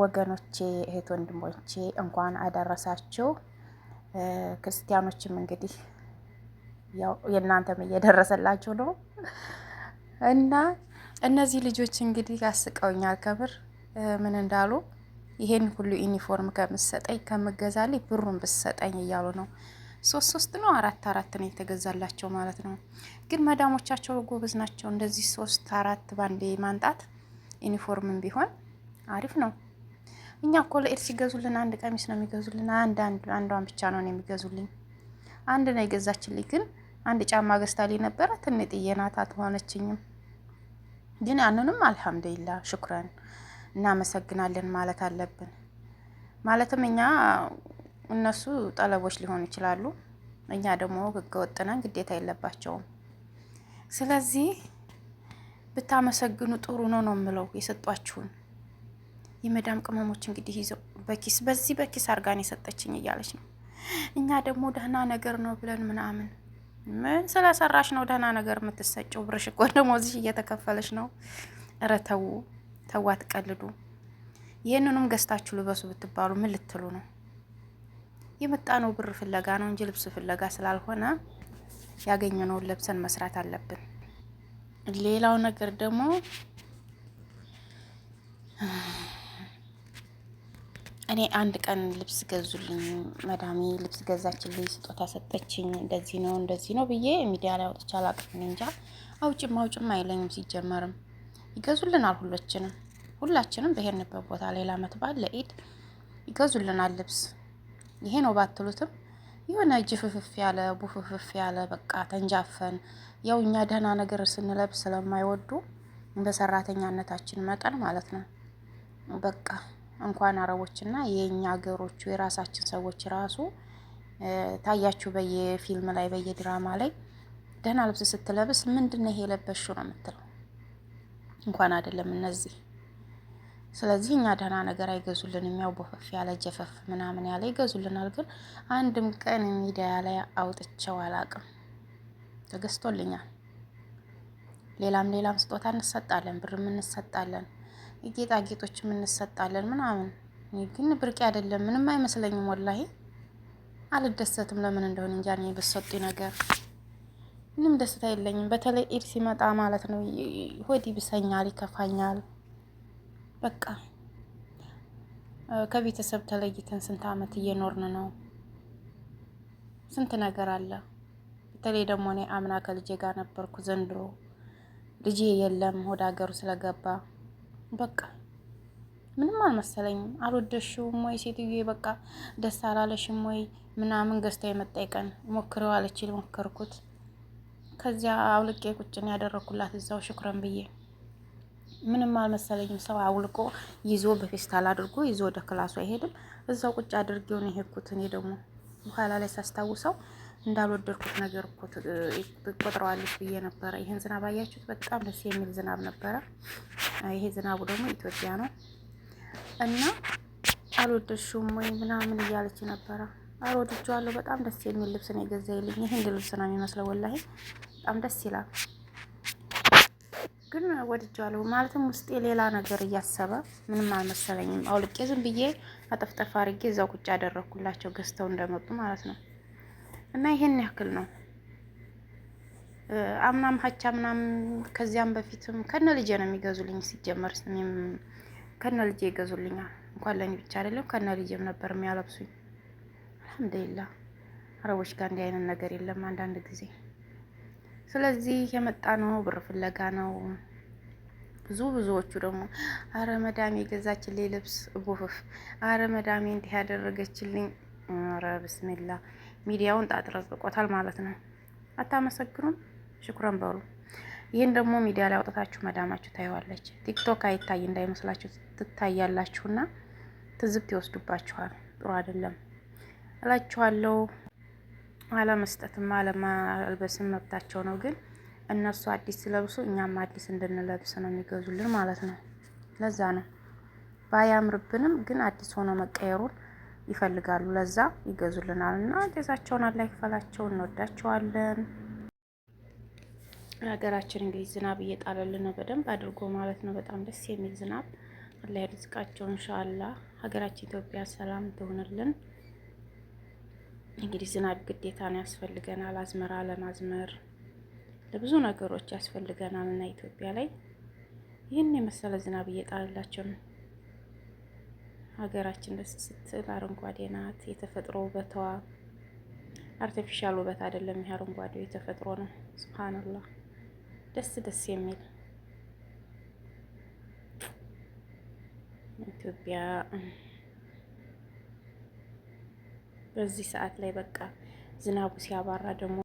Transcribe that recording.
ወገኖቼ እህት ወንድሞቼ እንኳን አደረሳችሁ። ክርስቲያኖችም እንግዲህ ያው የእናንተም እየደረሰላችሁ ነው እና እነዚህ ልጆች እንግዲህ አስቀውኛል። ከምር ምን እንዳሉ ይሄን ሁሉ ዩኒፎርም ከምሰጠኝ ከምገዛልኝ ብሩን ብሰጠኝ እያሉ ነው። ሶስት ሶስት ነው አራት አራት ነው የተገዛላቸው ማለት ነው። ግን መዳሞቻቸው ጎበዝ ናቸው። እንደዚህ ሶስት አራት ባንዴ ማንጣት ዩኒፎርምም ቢሆን አሪፍ ነው። እኛ እኮ ለኤድ ሲገዙልን አንድ ቀሚስ ነው የሚገዙልን። አንድ አንድ አንዷን ብቻ ነው የሚገዙልኝ። አንድ ነው የገዛችልኝ፣ ግን አንድ ጫማ ገዝታልኝ ነበረ። ትንጥዬ ናት፣ አትሆነችኝም። ግን ያንንም አልሐምዱሊላ ሽኩረን እናመሰግናለን ማለት አለብን። ማለትም እኛ እነሱ ጠለቦች ሊሆኑ ይችላሉ፣ እኛ ደግሞ ህገወጥ ነን፣ ግዴታ የለባቸውም። ስለዚህ ብታመሰግኑ ጥሩ ነው ነው የምለው የሰጧችሁን የመዳም ቅመሞች እንግዲህ ይዘው በኪስ በዚህ በኪስ አርጋን የሰጠችኝ እያለች ነው። እኛ ደግሞ ደህና ነገር ነው ብለን ምናምን ምን ስለሰራሽ ነው ደህና ነገር የምትሰጭው? ብርሽ እኮ ደሞዝሽ እየተከፈለች ነው። እረ ተዉ ተዉ፣ አትቀልዱ። ይህንኑም ገዝታችሁ ልበሱ ብትባሉ ምን ልትሉ ነው? የመጣነው ብር ፍለጋ ነው እንጂ ልብስ ፍለጋ ስላልሆነ ያገኘነውን ለብሰን መስራት አለብን። ሌላው ነገር ደግሞ እኔ አንድ ቀን ልብስ ገዙልኝ፣ መዳሜ ልብስ ገዛችልኝ፣ ስጦታ ሰጠችኝ፣ እንደዚህ ነው እንደዚህ ነው ብዬ ሚዲያ ላይ አውጥቼ አላውቅም። እንጃ አውጭም አውጭም አይለኝም። ሲጀመርም ይገዙልናል፣ ሁሎችንም ሁላችንም በሄድንበት ቦታ ሌላ ለዓመት በዓል ለኢድ ይገዙልናል ልብስ። ይሄ ነው ባትሉትም የሆነ ጅፍፍፍ ያለ ቡፍፍፍ ያለ በቃ ተንጃፈን። ያው እኛ ደህና ነገር ስንለብስ ስለማይወዱ በሰራተኛነታችን መጠን ማለት ነው በቃ እንኳን አረቦችና የእኛ ሀገሮቹ የራሳችን ሰዎች ራሱ ታያችሁ በየፊልም ላይ በየድራማ ላይ ደህና ልብስ ስትለብስ ምንድን ነው ይሄ የለበሽው ነው የምትለው። እንኳን አይደለም እነዚህ። ስለዚህ እኛ ደህና ነገር አይገዙልንም። ያው በፈፍ ያለ ጀፈፍ ምናምን ያለ ይገዙልናል፣ ግን አንድም ቀን ሚዲያ ላይ አውጥቸው አላቅም። ተገዝቶልኛል። ሌላም ሌላም ስጦታ እንሰጣለን፣ ብርም እንሰጣለን። ጌጣጌጦችም እንሰጣለን ምናምን። ግን ብርቅ አይደለም ምንም አይመስለኝም፣ ወላሂ አልደሰትም። ለምን እንደሆነ እንጃ እኔ በሰጡ ነገር ምንም ደስታ የለኝም። በተለይ ኢድ ሲመጣ ማለት ነው ሆድ ይብሰኛል፣ ይከፋኛል። በቃ ከቤተሰብ ተለይተን ስንት አመት እየኖርን ነው። ስንት ነገር አለ። በተለይ ደግሞ እኔ አምና ከልጄ ጋር ነበርኩ። ዘንድሮ ልጄ የለም ወደ ሀገሩ ስለገባ በቃ ምንም አልመሰለኝም። አልወደሽውም ወይ ሴትዮ፣ በቃ ደስ አላለሽም ወይ ምናምን ገዝታ የመጣ ቀን ሞክረው አለችኝ። ሞከርኩት። ከዚያ አውልቄ ቁጭን ያደረኩላት እዛው ሽኩረን ብዬ ምንም አልመሰለኝም። ሰው አውልቆ ይዞ በፌስታል አድርጎ ይዞ ወደ ክላሱ አይሄድም። እዛው ቁጭ አድርጌው ነው የሄድኩት። እኔ ደግሞ በኋላ ላይ ሳስታውሰው እንዳልወደድኩት ነገር እኮ ትቆጥረዋለች ብዬ ነበረ። ይህን ዝናብ አያችሁት? በጣም ደስ የሚል ዝናብ ነበረ። ይሄ ዝናቡ ደግሞ ኢትዮጵያ ነው እና አልወደድሽውም ወይ ምናምን እያለች ነበረ። አልወደድችዋለሁ። በጣም ደስ የሚል ልብስ ነው የገዛይልኝ። የህንድ ልብስ ነው የሚመስለው። ወላሂ በጣም ደስ ይላል። ግን ወድጀዋለሁ ማለትም ውስጤ ሌላ ነገር እያሰበ ምንም አልመሰለኝም። አውልቄ ዝም ብዬ አጠፍጠፍ አድርጌ እዛው ቁጭ ያደረግኩላቸው ገዝተው እንደመጡ ማለት ነው። እና ይሄን ያክል ነው። አምናም ሀቻ ምናም ከዚያም በፊትም ከነ ልጄ ነው የሚገዙልኝ። ሲጀመር እኔም ከነ ልጄ ይገዙልኛል። እንኳን ለእኔ ብቻ አይደለም ከነ ልጄም ነበር የሚያለብሱኝ። አልሐምዱሊላ አረቦች ጋር እንዲህ አይነት ነገር የለም አንዳንድ ጊዜ። ስለዚህ የመጣ ነው ብር ፍለጋ ነው። ብዙ ብዙዎቹ ደግሞ አረ መዳሜ የገዛችልኝ ልብስ ቡፍፍ፣ አረ መዳሜ እንዲህ ያደረገችልኝ፣ አረ ብስሚላ ሚዲያውን ጣጥረብቆታል ማለት ነው። አታመሰግኑም? ሽኩረን በሉ። ይህን ደግሞ ሚዲያ ላይ አውጥታችሁ መዳማችሁ ታየዋለች። ቲክቶክ አይታይ እንዳይመስላችሁ ትታያላችሁና ትዝብት ይወስዱባችኋል። ጥሩ አይደለም እላችኋለሁ። አለመስጠትም አለማልበስም መብታቸው ነው፣ ግን እነሱ አዲስ ሲለብሱ እኛም አዲስ እንድንለብስ ነው የሚገዙልን ማለት ነው። ለዛ ነው ባያምርብንም፣ ግን አዲስ ሆኖ መቀየሩን ይፈልጋሉ። ለዛ ይገዙልናል እና ጌዛቸውን አላህ ይክፈላቸው። እንወዳቸዋለን። ሀገራችን እንግዲህ ዝናብ እየጣለልን ነው በደንብ አድርጎ ማለት ነው። በጣም ደስ የሚል ዝናብ አላ ይርዝቃቸው። እንሻላ ሀገራችን ኢትዮጵያ ሰላም ትሆንልን። እንግዲህ ዝናብ ግዴታ ነው ያስፈልገናል። አዝመራ ለማዝመር ለብዙ ነገሮች ያስፈልገናል እና ኢትዮጵያ ላይ ይህን የመሰለ ዝናብ እየጣለላቸው ነው። ሀገራችን ደስ ስትል አረንጓዴ ናት። የተፈጥሮ ውበቷ አርቲፊሻል ውበት አይደለም። ይህ አረንጓዴው የተፈጥሮ ነው። ሱብሃንላህ ደስ ደስ የሚል ኢትዮጵያ በዚህ ሰዓት ላይ በቃ ዝናቡ ሲያባራ ደግሞ